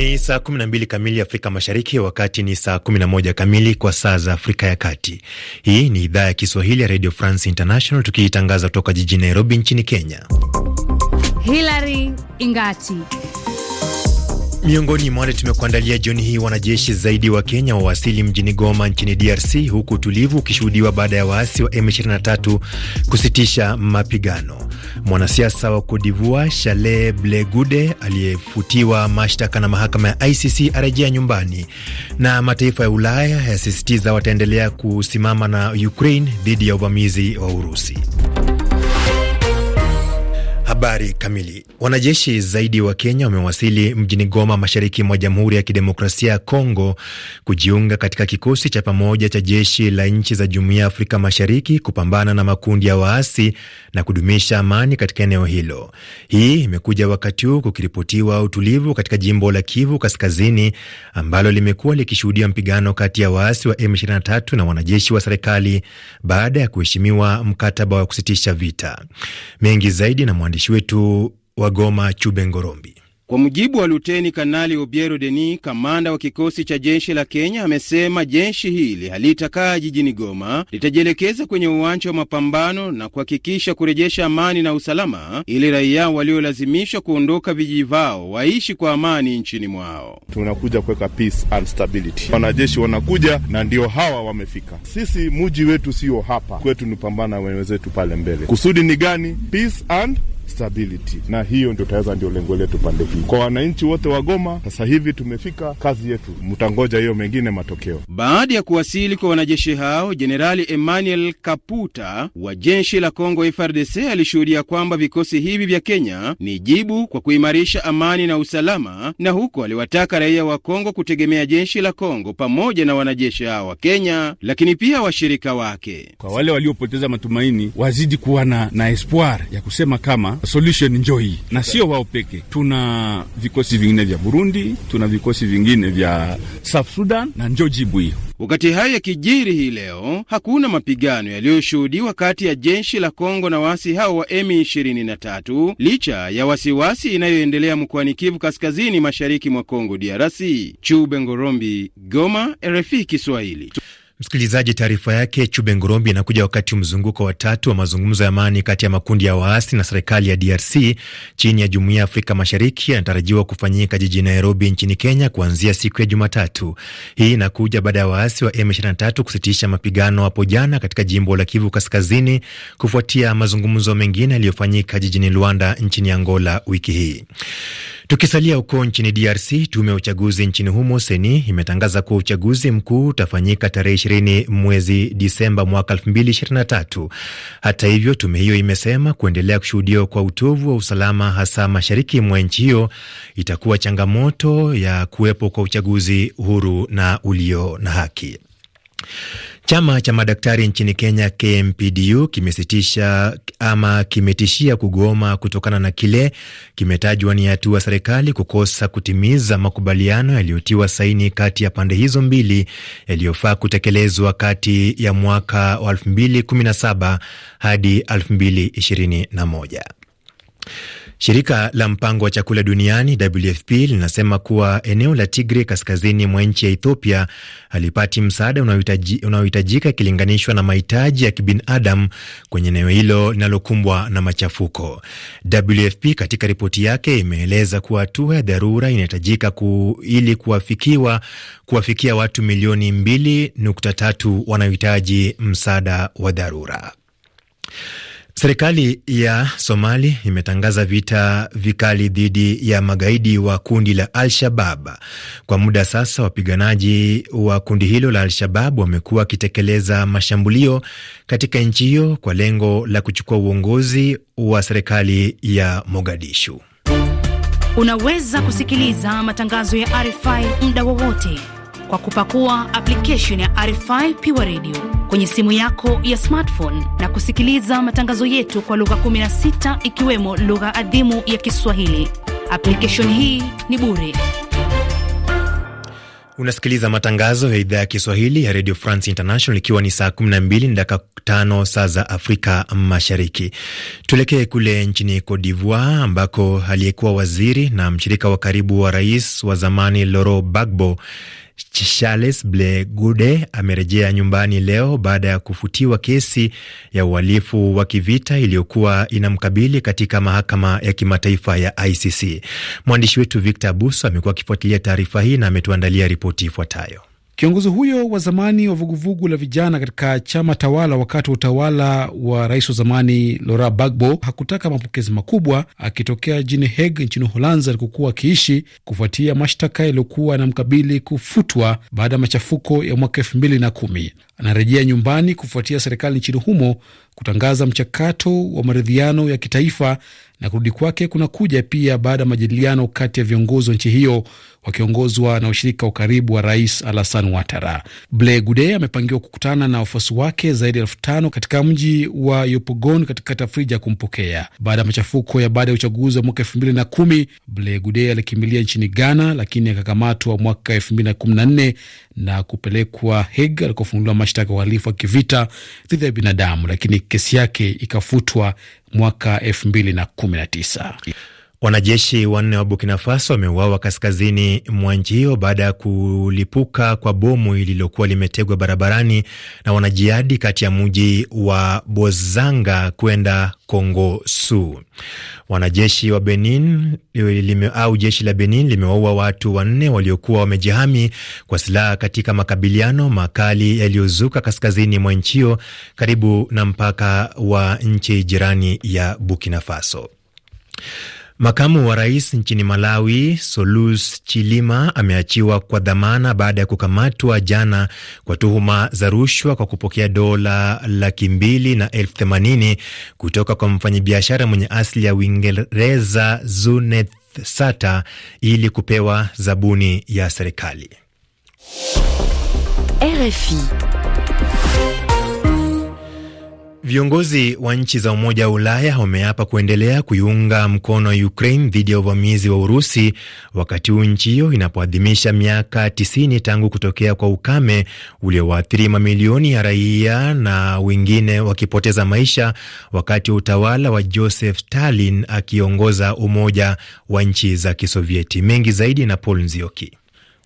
Ni saa 12 kamili Afrika Mashariki, wakati ni saa 11 kamili kwa saa za Afrika ya Kati. Hii ni idhaa ya Kiswahili ya Radio France International, tukiitangaza kutoka jijini Nairobi nchini Kenya. Hilary Ingati Miongoni mwa wale tumekuandalia jioni hii, wanajeshi zaidi wa Kenya wawasili mjini Goma nchini DRC, huku utulivu ukishuhudiwa baada ya waasi wa M23 kusitisha mapigano. Mwanasiasa wa Cote d'Ivoire Charles Ble gude aliyefutiwa mashtaka na mahakama ya ICC arejea nyumbani, na mataifa ya Ulaya yasisitiza wataendelea kusimama na Ukraine dhidi ya uvamizi wa Urusi. Habari kamili. Wanajeshi zaidi wa Kenya wamewasili mjini Goma, mashariki mwa Jamhuri ya Kidemokrasia ya Kongo, kujiunga katika kikosi cha pamoja cha jeshi la nchi za Jumuiya ya Afrika Mashariki kupambana na makundi ya waasi na kudumisha amani katika eneo hilo. Hii imekuja wakati huu kukiripotiwa utulivu katika jimbo la Kivu Kaskazini ambalo limekuwa likishuhudia mpigano kati ya waasi wa M23 na wanajeshi wa serikali baada ya kuheshimiwa mkataba wa kusitisha vita. Mengi zaidi na mwandishi Mwandishi wetu wa Goma, Chube Ngorombi. Kwa mujibu wa Luteni Kanali Obiero Deni, kamanda wa kikosi cha jeshi la Kenya, amesema jeshi hili halitakaa jijini Goma, litajielekeza kwenye uwanja wa mapambano na kuhakikisha kurejesha amani na usalama, ili raia waliolazimishwa kuondoka vijiji vao waishi kwa amani nchini mwao. Tunakuja kuweka peace and stability. Wanajeshi wanakuja na ndio hawa wamefika. Sisi muji wetu sio hapa kwetu, ni pambana wenye wenzetu pale mbele. Kusudi ni gani? Peace and stability, na hiyo ndio taweza, ndio lengo letu pande hii. Kwa wananchi wote wa Goma, sasa hivi tumefika kazi yetu, mtangoja hiyo mengine matokeo. Baada ya kuwasili kwa wanajeshi hao, Jenerali Emmanuel Kaputa wa jeshi la congo FRDC alishuhudia kwamba vikosi hivi vya Kenya ni jibu kwa kuimarisha amani na usalama, na huko aliwataka raia wa Kongo kutegemea jeshi la Kongo pamoja na wanajeshi hao wa Kenya, lakini pia washirika wake. Kwa wale waliopoteza matumaini, wazidi kuwa na, na espoir ya kusema kama solution njo hii, na sio wao peke. Tuna vikosi vingine vya Burundi, tuna vikosi vingine vya South Sudan na njo jibu hiyo. Wakati hayo yakijiri hii leo, hakuna mapigano yaliyoshuhudiwa kati ya jeshi la Kongo na waasi hao wa M23 licha ya wasiwasi inayoendelea mkoani Kivu Kaskazini, mashariki mwa Kongo DRC. Chube Ngorombi, Goma, RFI Kiswahili. Msikilizaji, taarifa yake Chube Ngurombi inakuja wakati mzunguko wa tatu wa mazungumzo ya amani kati ya makundi ya waasi na serikali ya DRC chini ya jumuia ya Afrika Mashariki yanatarajiwa kufanyika jijini Nairobi nchini Kenya kuanzia siku ya Jumatatu. Hii inakuja baada ya waasi wa M23 kusitisha mapigano hapo jana katika jimbo la Kivu Kaskazini kufuatia mazungumzo mengine yaliyofanyika jijini Luanda nchini Angola wiki hii. Tukisalia huko nchini DRC, tume ya uchaguzi nchini humo Seni imetangaza kuwa uchaguzi mkuu utafanyika tarehe ishirini mwezi Disemba mwaka tatu. Hata hivyo, tume hiyo imesema kuendelea kushuhudiwa kwa utovu wa usalama hasa mashariki mwa nchi hiyo itakuwa changamoto ya kuwepo kwa uchaguzi huru na ulio na haki. Chama cha madaktari nchini Kenya KMPDU kimesitisha ama kimetishia kugoma kutokana na kile kimetajwa ni hatua serikali kukosa kutimiza makubaliano yaliyotiwa saini kati ya pande hizo mbili yaliyofaa kutekelezwa kati ya mwaka wa 2017 hadi 2021. Shirika la mpango wa chakula duniani WFP linasema kuwa eneo la tigre kaskazini mwa nchi ya Ethiopia halipati msaada unaohitajika ikilinganishwa na mahitaji ya kibinadamu kwenye eneo hilo linalokumbwa na machafuko. WFP katika ripoti yake imeeleza kuwa hatua ya dharura inahitajika ku, ili kuwafikiwa kuwafikia watu milioni 2.3 wanaohitaji msaada wa dharura. Serikali ya Somali imetangaza vita vikali dhidi ya magaidi wa kundi la Al-Shabab. Kwa muda sasa, wapiganaji wa kundi hilo la Al-Shabab wamekuwa wakitekeleza mashambulio katika nchi hiyo kwa lengo la kuchukua uongozi wa serikali ya Mogadishu. Unaweza kusikiliza matangazo ya RFI muda wowote kwa kupakua application ya RFI Pure Radio kwenye simu yako ya smartphone na kusikiliza matangazo yetu kwa lugha 16 ikiwemo lugha adhimu ya Kiswahili. Application hii ni bure. Unasikiliza matangazo ya idhaa ya Kiswahili ya Radio France International ikiwa ni saa 12 na dakika 5 saa za Afrika Mashariki. Tuelekee kule nchini Cote d'Ivoire ambako aliyekuwa waziri na mshirika wa karibu wa rais wa zamani Laurent Gbagbo Charles Ble Gude amerejea nyumbani leo baada ya kufutiwa kesi ya uhalifu wa kivita iliyokuwa inamkabili katika mahakama ya kimataifa ya ICC. Mwandishi wetu Victor Buso amekuwa akifuatilia taarifa hii na ametuandalia ripoti ifuatayo. Kiongozi huyo wa zamani wa vuguvugu la vijana katika chama tawala wakati wa utawala wa rais wa zamani lora bagbo hakutaka mapokezi makubwa akitokea jini heg nchini Uholanzi alikokuwa akiishi kufuatia mashtaka yaliyokuwa yanamkabili kufutwa baada ya machafuko ya mwaka elfu mbili na kumi. Anarejea nyumbani kufuatia serikali nchini humo kutangaza mchakato wa maridhiano ya kitaifa, na kurudi kwake kunakuja pia baada ya majadiliano kati ya viongozi wa nchi hiyo wakiongozwa na ushirika wa karibu wa rais Alasan watara ble Gude amepangiwa kukutana na wafuasi wake zaidi ya elfu tano katika mji wa Yopogon katika tafrija ya kumpokea baada ya machafuko ya baada ya uchaguzi wa mwaka elfu mbili na kumi. Ble Gude alikimbilia nchini Ghana lakini akakamatwa mwaka elfu mbili na kumi na nne na kupelekwa heg alikofunguliwa mashtaka ya uhalifu wa kivita dhidi ya binadamu, lakini kesi yake ikafutwa mwaka elfu mbili na kumi na tisa. Wanajeshi wanne wa Burkina Faso wameuawa kaskazini mwa nchi hiyo baada ya kulipuka kwa bomu lililokuwa limetegwa barabarani na wanajihadi kati ya mji wa Bozanga kwenda Kongo Su. Wanajeshi wa Benin lime, au jeshi la Benin limewaua watu wanne waliokuwa wamejihami kwa silaha katika makabiliano makali yaliyozuka kaskazini mwa nchi hiyo karibu na mpaka wa nchi jirani ya Burkina Faso. Makamu wa rais nchini Malawi, Solus Chilima, ameachiwa kwa dhamana baada ya kukamatwa jana kwa tuhuma za rushwa kwa kupokea dola laki mbili na elfu themanini kutoka kwa mfanyabiashara mwenye asili ya Uingereza Zuneth Sata ili kupewa zabuni ya serikali. RFI Viongozi wa nchi za Umoja wa Ulaya wameapa kuendelea kuiunga mkono Ukraine dhidi ya uvamizi wa Urusi, wakati huu nchi hiyo inapoadhimisha miaka 90 tangu kutokea kwa ukame uliowaathiri mamilioni ya raia na wengine wakipoteza maisha, wakati wa utawala wa Joseph Stalin akiongoza Umoja wa Nchi za Kisovieti. Mengi zaidi na Paul Nzioki.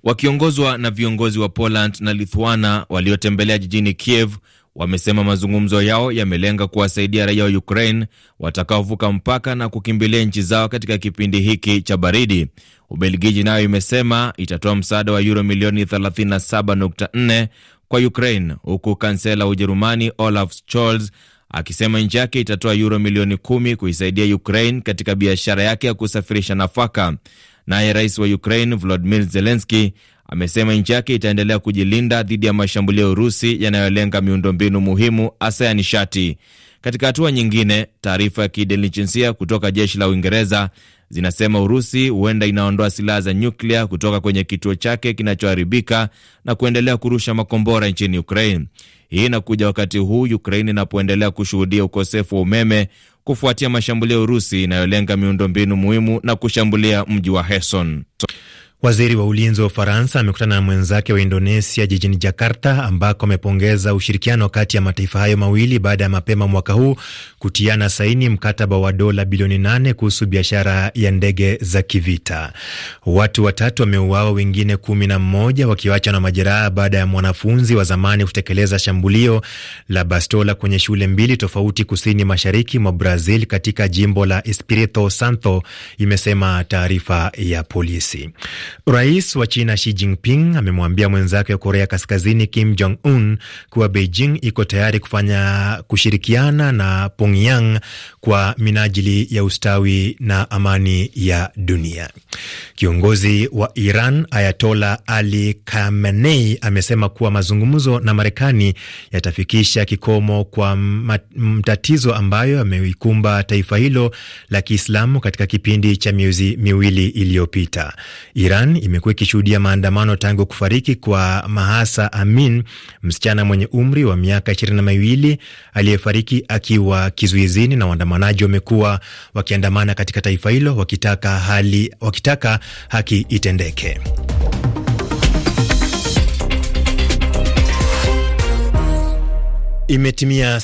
Wakiongozwa na viongozi wa Poland na Lithuana waliotembelea jijini Kiev wamesema mazungumzo yao yamelenga kuwasaidia raia wa Ukraine watakaovuka mpaka na kukimbilia nchi zao katika kipindi hiki cha baridi. Ubelgiji nayo imesema itatoa msaada wa yuro milioni 37.4 kwa Ukraine, huku kansela wa Ujerumani Olaf Scholz akisema nchi yake itatoa yuro milioni kumi kuisaidia Ukraine katika biashara yake ya kusafirisha nafaka. Naye rais wa Ukraine Volodymyr Zelensky amesema nchi yake itaendelea kujilinda dhidi ya mashambulio ya Urusi yanayolenga miundombinu muhimu hasa ya nishati. Katika hatua nyingine, taarifa ya kidelijensia kutoka jeshi la Uingereza zinasema Urusi huenda inaondoa silaha za nyuklia kutoka kwenye kituo chake kinachoharibika na kuendelea kurusha makombora nchini Ukraine. Hii inakuja wakati huu Ukraine inapoendelea kushuhudia ukosefu wa umeme kufuatia mashambulio ya Urusi inayolenga miundombinu muhimu na kushambulia mji wa Kherson. Waziri wa ulinzi wa Ufaransa amekutana na mwenzake wa Indonesia jijini Jakarta, ambako amepongeza ushirikiano kati ya mataifa hayo mawili baada ya mapema mwaka huu kutiana saini mkataba wa dola bilioni nane kuhusu biashara ya ndege za kivita. Watu watatu wameuawa, wengine kumi na mmoja wakiwachwa na majeraha baada ya mwanafunzi wa zamani kutekeleza shambulio la bastola kwenye shule mbili tofauti kusini mashariki mwa Brazil, katika jimbo la Espirito Santo, imesema taarifa ya polisi. Rais wa China Xi Jinping amemwambia mwenzake wa Korea Kaskazini Kim Jong Un kuwa Beijing iko tayari kufanya kushirikiana na Pyongyang kwa minajili ya ustawi na amani ya dunia. Kiongozi wa Iran Ayatola Ali Khamenei amesema kuwa mazungumzo na Marekani yatafikisha kikomo kwa matatizo ambayo yameikumba taifa hilo la Kiislamu katika kipindi cha miezi miwili iliyopita. Iran imekuwa ikishuhudia maandamano tangu kufariki kwa Mahasa Amin, msichana mwenye umri wa miaka ishirini na miwili aliyefariki akiwa kizuizini, na waandamanaji wamekuwa wakiandamana katika taifa hilo wakitaka hali, wakitaka haki itendeke. Imetimia